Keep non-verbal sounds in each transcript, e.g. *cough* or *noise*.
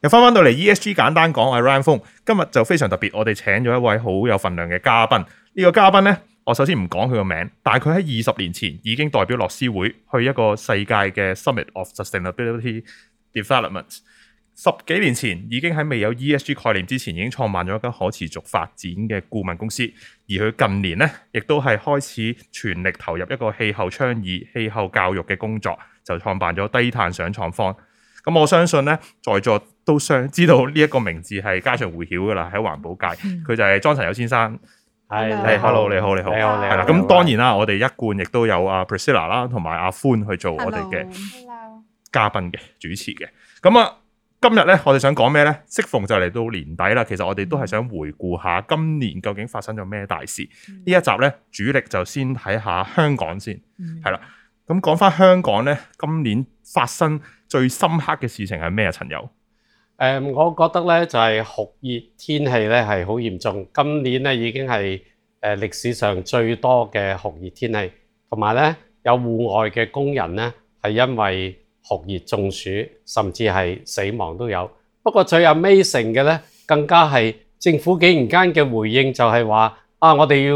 又返返到嚟 E S G 簡單講，我係 Ryan Fong 今日就非常特別，我哋請咗一位好有份量嘅嘉賓。呢、呢個嘉賓呢，我首先唔講佢個名，但係佢喺二十年前已經代表律師會去一個世界嘅 Summit of Sustainability Development。十幾年前已經喺未有 E S G 概念之前，已經創辦咗一間可持續發展嘅顧問公司。而佢近年呢亦都係開始全力投入一個氣候倡議、氣候教育嘅工作，就創辦咗低碳上創坊。咁我相信呢，在座。都知道呢一個名字係家傳戶曉噶啦，喺環保界，佢就係莊陳友先生。係，係，hello，, hey, Hello 你好，你好，你好，係啦。咁當然啦，好我哋一貫亦都有阿 Priscilla 啦，同埋阿歡去做我哋嘅嘉賓嘅主持嘅。咁啊，今日咧，我哋想講咩咧？適逢就嚟到年底啦，其實我哋都係想回顧下今年究竟發生咗咩大事。呢、嗯、一集咧，主力就先睇下香港先，係啦、嗯。咁講翻香港咧，今年發生最深刻嘅事情係咩啊？陳友。誒、嗯，我覺得咧就係酷熱天氣咧係好嚴重，今年咧已經係誒歷史上最多嘅酷熱天氣，同埋咧有戶外嘅工人咧係因為酷熱中暑，甚至係死亡都有。不過最近尾成嘅咧更加係政府竟然間嘅回應就係話啊，我哋要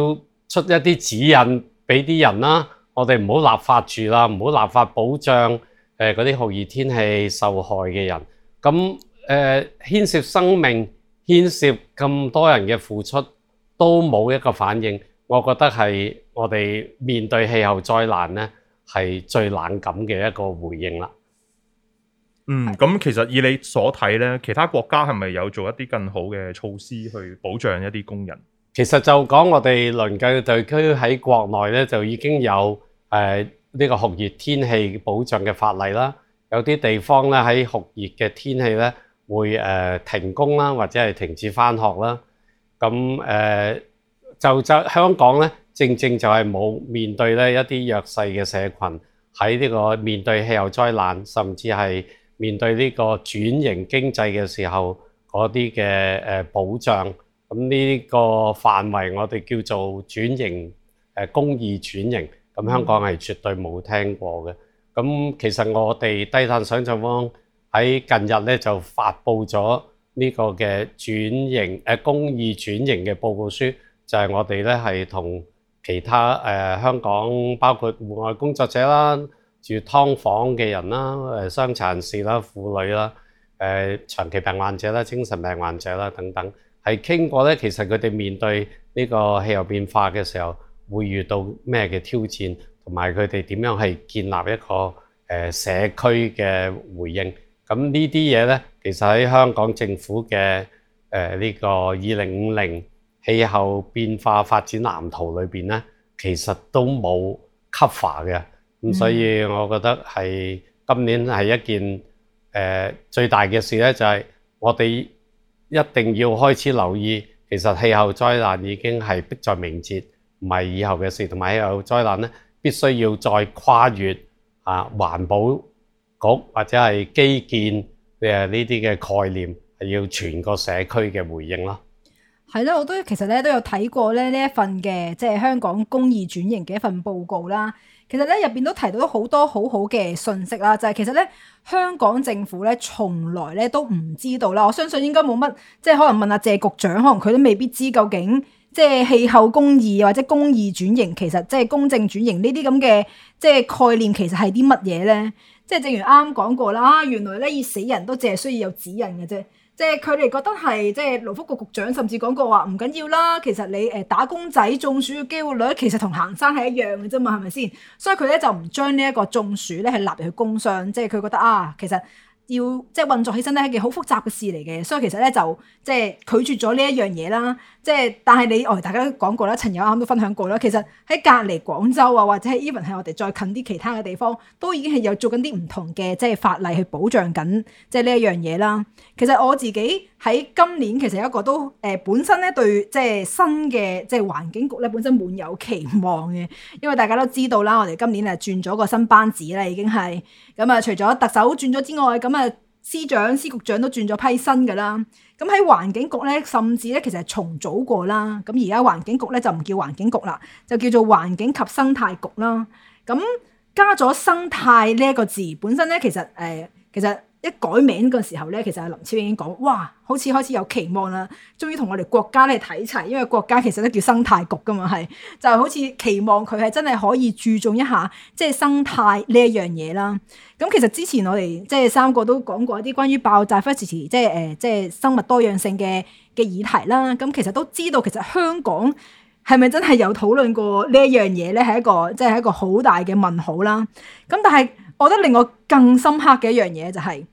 出一啲指引俾啲人啦，我哋唔好立法住啦，唔好立法保障誒嗰啲酷熱天氣受害嘅人，咁。誒，牽涉生命，牽涉咁多人嘅付出，都冇一個反應，我覺得係我哋面對氣候災難咧，係最冷感嘅一個回應啦。嗯，咁其實以你所睇咧，其他國家係咪有做一啲更好嘅措施去保障一啲工人？其實就講我哋鄰近地區喺國內咧就已經有誒呢個酷熱天氣保障嘅法例啦，有啲地方咧喺酷熱嘅天氣咧。會誒停工啦，或者係停止翻學啦。咁誒就就香港咧，正正就係冇面對咧一啲弱勢嘅社羣喺呢個面對氣候災難，甚至係面對呢個轉型經濟嘅時候嗰啲嘅誒保障。咁呢個範圍我哋叫做轉型誒公義轉型。咁香港係絕對冇聽過嘅。咁其實我哋低碳想創坊。喺近日咧就發布咗呢個嘅轉型誒公義轉型嘅報告書，就係、是、我哋咧係同其他誒、呃、香港包括戶外工作者啦、住劏房嘅人啦、誒、呃、傷殘人士啦、婦女啦、誒、呃、長期病患者啦、精神病患者啦等等，係傾過咧。其實佢哋面對呢個氣候變化嘅時候，會遇到咩嘅挑戰，同埋佢哋點樣係建立一個誒、呃、社區嘅回應。咁呢啲嘢咧，其實喺香港政府嘅誒呢個二零五零氣候變化發展藍圖裏邊咧，其實都冇 cover 嘅。咁所以我覺得係今年係一件誒最大嘅事咧，就係我哋一定要開始留意，其實氣候災難已經係迫在眉睫，唔係以後嘅事。同埋氣候災難咧，必須要再跨越啊環保。局或者係基建，誒呢啲嘅概念係要全個社區嘅回應咯，係啦，我都其實咧都有睇過咧呢一份嘅即係香港公義轉型嘅一份報告啦。其實咧入邊都提到好多好好嘅信息啦，就係其實咧香港政府咧從來咧都唔知道啦。我相信應該冇乜，即係可能問下謝局長，可能佢都未必知究竟即係氣候公義或者公義轉型，其實即係公正轉型呢啲咁嘅即係概念，其實係啲乜嘢咧？即係正如啱啱講過啦，原來咧熱死人都淨係需要有指引嘅啫。即係佢哋覺得係，即係勞福局局長甚至講過話唔緊要啦。其實你誒打工仔中暑嘅機會率其實同行山係一樣嘅啫嘛，係咪先？所以佢咧就唔將呢一個中暑咧係納入去工傷，即係佢覺得啊，其實。要即係運作起身咧，係一件好複雜嘅事嚟嘅，所以其實咧就即係拒絕咗呢一樣嘢啦。即係但係你我大家都講過啦，陳友啱都分享過啦。其實喺隔籬廣州啊，或者係 even 係我哋再近啲其他嘅地方，都已經係有做緊啲唔同嘅即係法例去保障緊即係呢一樣嘢啦。其實我自己喺今年其實有一個都誒本身咧對即係新嘅即係環境局咧本身滿有期望嘅，因為大家都知道啦，我哋今年係轉咗個新班子啦，已經係。咁啊，除咗特首轉咗之外，咁啊司長、司局長都轉咗批新㗎啦。咁喺環境局咧，甚至咧其實係重組過啦。咁而家環境局咧就唔叫環境局啦，就叫做環境及生態局啦。咁加咗生態呢一個字，本身咧其實誒其實。其實一改名嗰時候咧，其實阿林超英已經講，哇，好似開始有期望啦，終於同我哋國家咧睇齊，因為國家其實都叫生態局噶嘛，係就好似期望佢係真係可以注重一下即係生態呢一樣嘢啦。咁其實之前我哋即係三個都講過一啲關於爆炸、f l s 即係誒即係生物多樣性嘅嘅議題啦。咁其實都知道，其實香港係咪真係有討論過呢一樣嘢咧？係一個即係一個好大嘅問號啦。咁但係我覺得令我更深刻嘅一樣嘢就係。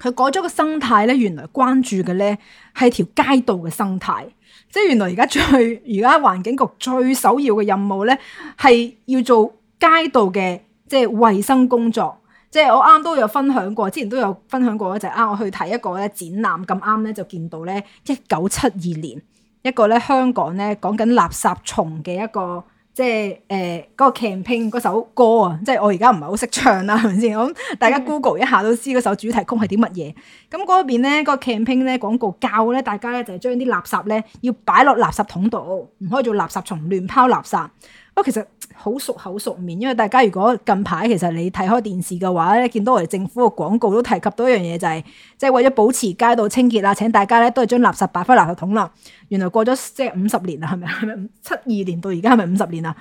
佢改咗個生態咧，原來關注嘅咧係條街道嘅生態，即係原來而家最而家環境局最首要嘅任務咧，係要做街道嘅即係衞生工作。即係我啱都有分享過，之前都有分享過咧，就係啱我去睇一個咧展覽，咁啱咧就見到咧一九七二年一個咧香港咧講緊垃圾蟲嘅一個。即係誒嗰個 campaign 嗰首歌啊，即係我而家唔係好識唱啦，係咪先？咁大家 Google 一下都知嗰首主題曲係啲乜嘢。咁嗰邊咧，嗰個 campaign 咧廣告教咧大家咧就係將啲垃圾咧要擺落垃圾桶度，唔可以做垃圾蟲亂拋垃圾。不過其實好熟口熟面，因為大家如果近排其實你睇開電視嘅話咧，見到我哋政府嘅廣告都提及到一樣嘢，就係即係為咗保持街道清潔啊，請大家咧都係將垃圾擺翻垃圾桶啦。原來過咗即係五十年啦，係咪？七二年到而家係咪五十年啊？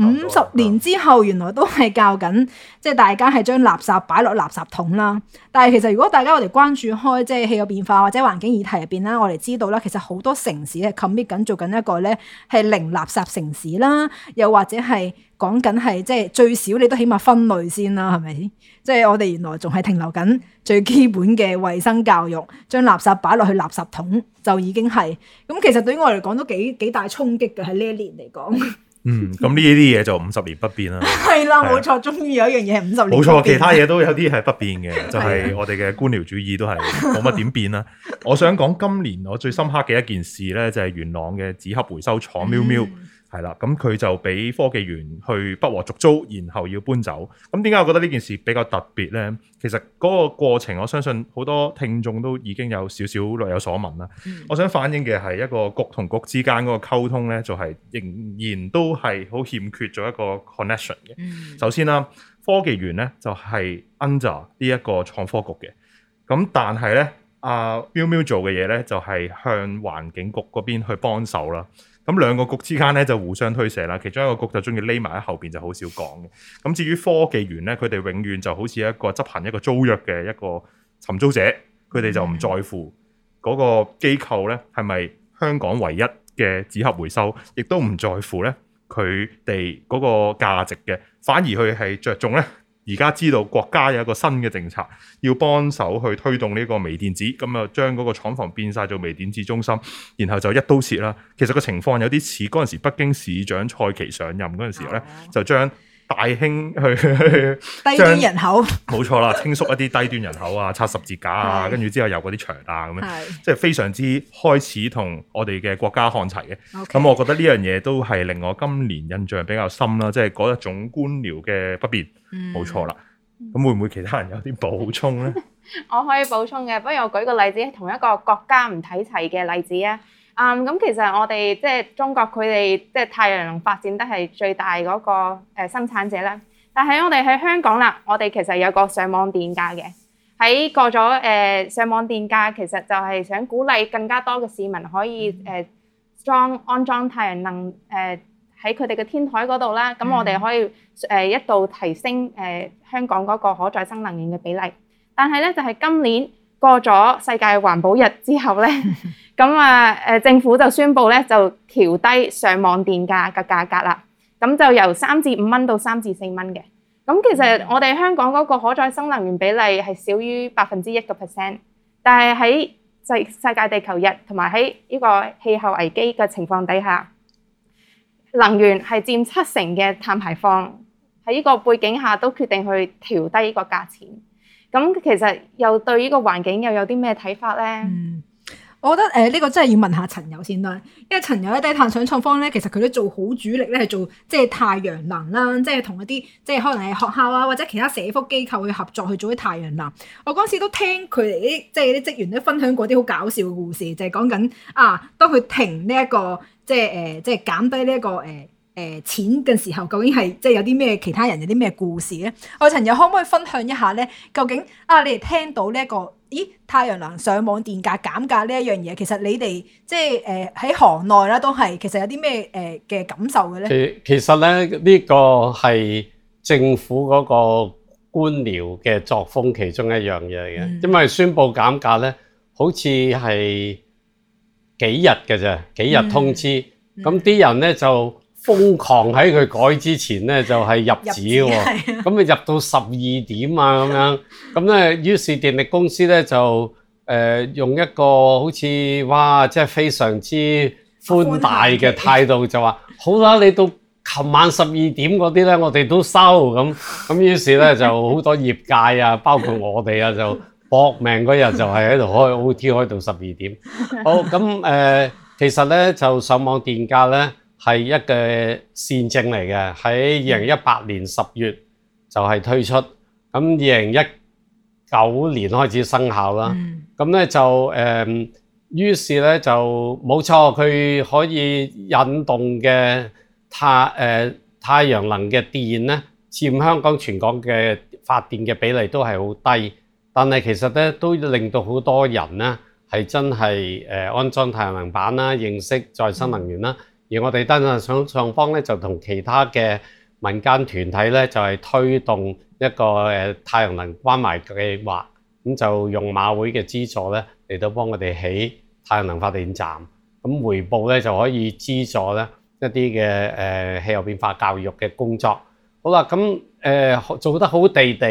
五十年之後，原來都係教緊，即係大家係將垃圾擺落垃圾桶啦。但係其實如果大家我哋關注開即係氣候變化或者環境議題入邊啦，我哋知道啦，其實好多城市咧 commit 緊做緊一個咧係零垃圾城市啦，又或者係講緊係即係最少你都起碼分類先啦，係咪？即係我哋原來仲係停留緊最基本嘅衛生教育，將垃圾擺落去垃圾桶就已經係。咁其實對於我嚟講都幾幾大衝擊嘅喺呢一年嚟講。 *laughs* 嗯，咁呢啲嘢就五十年不變啦。係啦， *laughs* 啊，冇錯，終於有一樣嘢，係五十年不變。冇錯，其他嘢都有啲係不變嘅， *laughs* 就係我哋嘅官僚主義都係冇乜點變啦。 *laughs* 我想講，今年我最深刻嘅一件事呢，就係元朗嘅紙盒回收廠 *laughs* 喵喵。係啦，咁佢就俾科技園去不和續租，然後要搬走。咁點解我覺得呢件事比較特別咧？其實嗰個過程，我相信好多聽眾都已經有少少略有所聞啦。嗯、我想反映嘅係一個局同局之間嗰個溝通咧，就係、是、仍然都係好欠缺咗一個 connection 嘅。嗯、首先啦，科技園咧就係、是、under 呢一個創科局嘅，咁但係咧阿喵喵做嘅嘢咧就係、是、向環境局嗰邊去幫手啦。咁兩個局之間咧就互相推卸啦，其中一個局就中意匿埋喺後面就，就好少講嘅。咁至於科技園咧，佢哋永遠就好似一個執行一個租約嘅一個尋租者，佢哋就唔在乎嗰個機構咧係咪香港唯一嘅紙盒回收，亦都唔在乎咧佢哋嗰個價值嘅，反而佢係着重咧。而家知道國家有一個新嘅政策，要幫手去推動呢個微電子，咁啊將嗰個廠房變晒做微電子中心，然後就一刀切啦。其實個情況有啲似嗰陣時北京市長蔡奇上任嗰陣時候咧，的就將。大興去去低端人口，冇錯啦，清縮一啲低端人口啊，拆十字架啊，跟住 *laughs* 之後有嗰啲牆啊，咁樣的，即係非常之開始同我哋嘅國家看齊嘅。咁的我覺得呢樣嘢都係令我今年印象比較深啦，即係嗰一種官僚嘅不變，冇、嗯、錯啦。咁會唔會其他人有啲補充咧？ *laughs* 我可以補充嘅，不如我舉個例子，同一個國家唔睇齊嘅例子啊。啊，咁其實我哋即係中國，佢哋即係太陽能發展得係最大嗰個誒生產者啦。但係我哋喺香港啦，我哋其實有個上網電價嘅。喺過咗誒上網電價，其實就係想鼓勵更加多嘅市民可以誒裝安裝太陽能誒喺佢哋嘅天台嗰度啦。咁我哋可以誒一度提升誒香港嗰個可再生能源嘅比例。但係咧，就係今年。過咗世界環保日之後呢， *laughs* 政府就宣布呢就調低上網電價嘅價格啦。咁就由三至五蚊到三至四蚊嘅。咁其實我哋香港嗰個可再生能源比例係少於百分之一個 percent，但係喺世界地球日同埋喺呢個氣候危機嘅情況底下，能源係佔七成嘅碳排放。喺呢個背景下都決定去調低呢個價錢。咁其實又對呢個環境又有啲咩睇法咧？嗯，我覺得誒呢個真係要問下陳友先啦，因為陳友咧低碳想創方咧，其實佢都做好主力咧，係做即係太陽能啦，即係同一啲即係可能係學校啊或者其他社福機構去合作去做啲太陽能。我嗰時都聽佢哋啲即係啲職員咧分享過啲好搞笑嘅故事，就係講緊啊，當佢停呢一個即係誒，即係、呃、減低呢一個誒。呃誒，錢嘅時候究竟係即係有啲咩其他人有啲咩故事咧？我陳又可唔可以分享一下咧？究竟啊，你哋聽到呢一個咦，太陽能上網電價減價呢一樣嘢，其實你哋即係誒喺行內啦，都係其實有啲咩誒嘅感受嘅咧？其其實咧呢個係政府嗰個官僚嘅作風其中一樣嘢嘅，因為宣布減價咧，好似係幾日嘅啫，幾日通知，咁啲人咧就。瘋狂喺佢改之前咧，就係入紙喎，咁啊入到十二點啊咁樣，咁咧於是電力公司咧就誒用一個好似哇，即係非常之寬大嘅態度就話：好啦，你到琴晚十二點嗰啲咧，我哋都收咁咁。於是咧就好多業界啊，包括我哋啊，就搏命嗰日就係喺度開 O T，開到十二點。好，咁誒，其實咧就上網電價咧。係一個善政嚟嘅，喺二零一八年十月就係推出，咁二零一九年開始生效啦。咁、嗯、就、呃、於是呢就冇錯，佢可以引動嘅太、呃、太陽能嘅電咧，佔香港全港嘅發電嘅比例都係好低，但係其實咧都令到好多人呢係真係、呃、安裝太陽能板啦，認識再生能源啦。嗯而我哋單等上上方咧，就同其他嘅民間團體就係推動一個太陽能關懷計劃，咁就用馬會嘅資助咧嚟到幫我哋起太陽能發電站，咁回報就可以資助一啲嘅氣候變化教育嘅工作。好啦，咁、呃、做得好地地，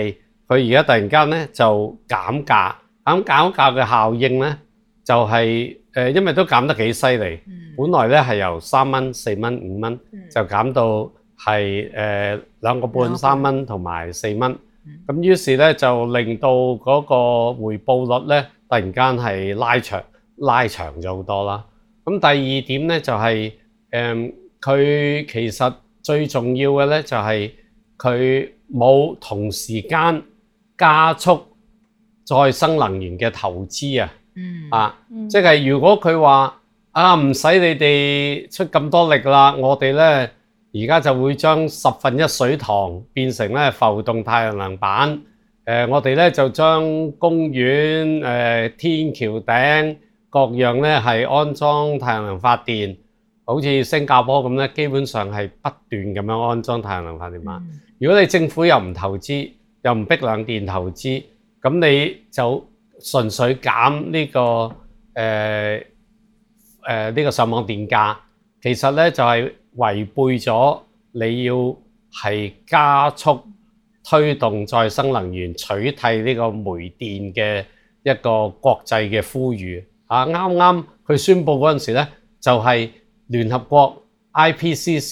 佢而家突然間就減價，減減價嘅效應就係、是。誒，因為都減得幾犀利，本來咧係由三蚊、四蚊、五蚊就減到係誒兩個半三蚊同埋四蚊，咁於是咧就令到嗰個回報率咧突然間係拉長、拉長咗好多啦。咁第二點咧就係、是、誒，佢其實最重要嘅咧就係佢冇同時間加速再生能源嘅投資啊。啊，即係如果佢話啊唔使你哋出咁多力啦，我哋呢而家就會將十分一水塘變成咧浮動太陽能板。誒、呃，我哋呢就將公園、誒、呃、天橋頂各樣呢係安裝太陽能發電。好似新加坡咁呢，基本上係不斷咁樣安裝太陽能發電板。嗯、如果你政府又唔投資，又唔逼兩電投資，咁你就。純粹減呢個誒誒呢個上網電價，其實呢就係違背咗你要係加速推動再生能源取替呢個煤電嘅一個國際嘅呼籲。啊，啱啱佢宣布嗰陣時咧，就係聯合國 IPCC，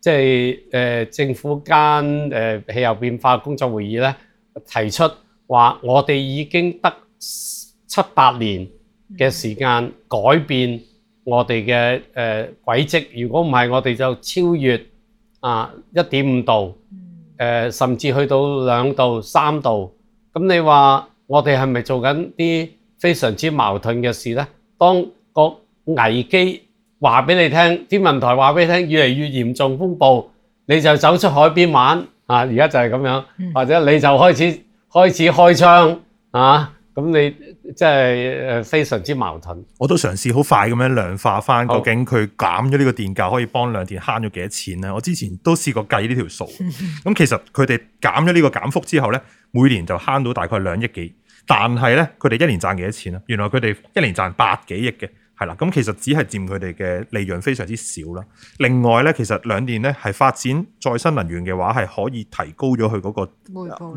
即係誒政府間誒氣候變化工作會議呢，提出話我哋已經得七八年嘅時間改變我哋嘅誒軌跡。如果唔係，我哋就超越啊一點五度，誒甚至去到兩度、三度。咁你話我哋係咪做緊啲非常之矛盾嘅事呢？當個危機話俾你聽，天文台話俾你聽，越嚟越嚴重風暴，你就走出海邊玩啊！而家就係咁樣，或者你就開始開始開槍啊？咁你即係誒非常之矛盾。我都嘗試好快咁樣量化翻，究竟佢減咗呢個電價可以幫兩電慳咗幾多錢咧？我之前都試過計呢條數。咁其實佢哋減咗呢個減幅之後咧，每年就慳到大概兩億幾。但係咧，佢哋一年賺幾多錢？原來佢哋一年賺百幾億嘅。係啦，咁其實只係佔佢哋嘅利潤非常之少啦。另外咧，其實兩電咧係發展再生能源嘅話，係可以提高咗佢嗰個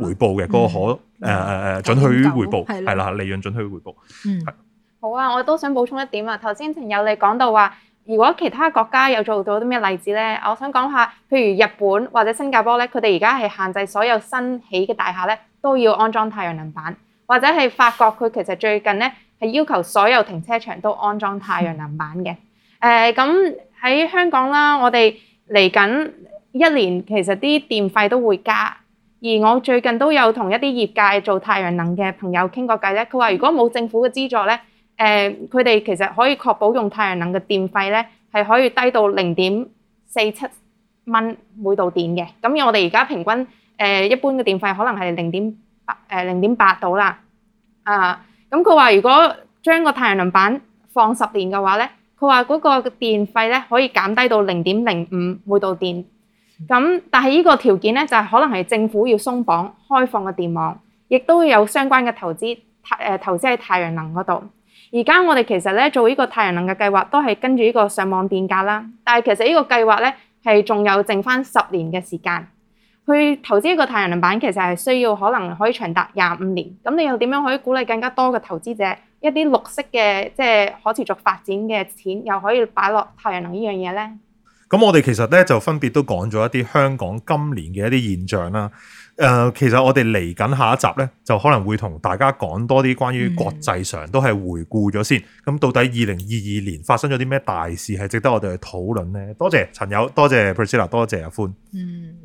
回報嘅嗰個可誒誒誒準許回報，係啦 99, 的，利潤準許回報。嗯，的好啊，我都想補充一點啊。頭先曾有你講到話，如果其他國家有做到啲咩例子咧，我想講下，譬如日本或者新加坡咧，佢哋而家係限制所有新起嘅大廈咧都要安裝太陽能板，或者係法國佢其實最近咧，係要求所有停車場都安裝太陽能板嘅。誒咁喺香港啦，我哋嚟緊一年其實啲電費都會加。而我最近都有同一啲業界做太陽能嘅朋友傾過偈咧，佢話如果冇政府嘅資助咧，誒佢哋其實可以確保用太陽能嘅電費咧係可以低到零點四七蚊每度電嘅。咁而我哋而家平均誒一般嘅電費可能係零點八誒零點八到啦。啊！咁佢話：如果將個太陽能板放十年嘅話呢，佢話嗰個電費呢可以減低到零點零五每度電。咁但係呢個條件呢，就係可能係政府要鬆綁開放嘅電網，亦都有相關嘅投資投資喺太陽能嗰度。而家我哋其實呢做呢個太陽能嘅計劃都係跟住呢個上網電價啦。但係其實呢個計劃呢，係仲有剩返十年嘅時間。去投資一個太陽能板，其實係需要可能可以長達廿五年。咁你又點樣可以鼓勵更加多嘅投資者一啲綠色嘅即係可持續發展嘅錢，又可以擺落太陽能這件事呢樣嘢咧？咁我哋其實咧就分別都講咗一啲香港今年嘅一啲現象啦。誒、呃，其實我哋嚟緊下一集咧，就可能會同大家講多啲關於國際上、嗯、都係回顧咗先。咁到底二零二二年發生咗啲咩大事係值得我哋去討論咧？多謝陳友，多謝 Priscilla，多謝阿寬。嗯。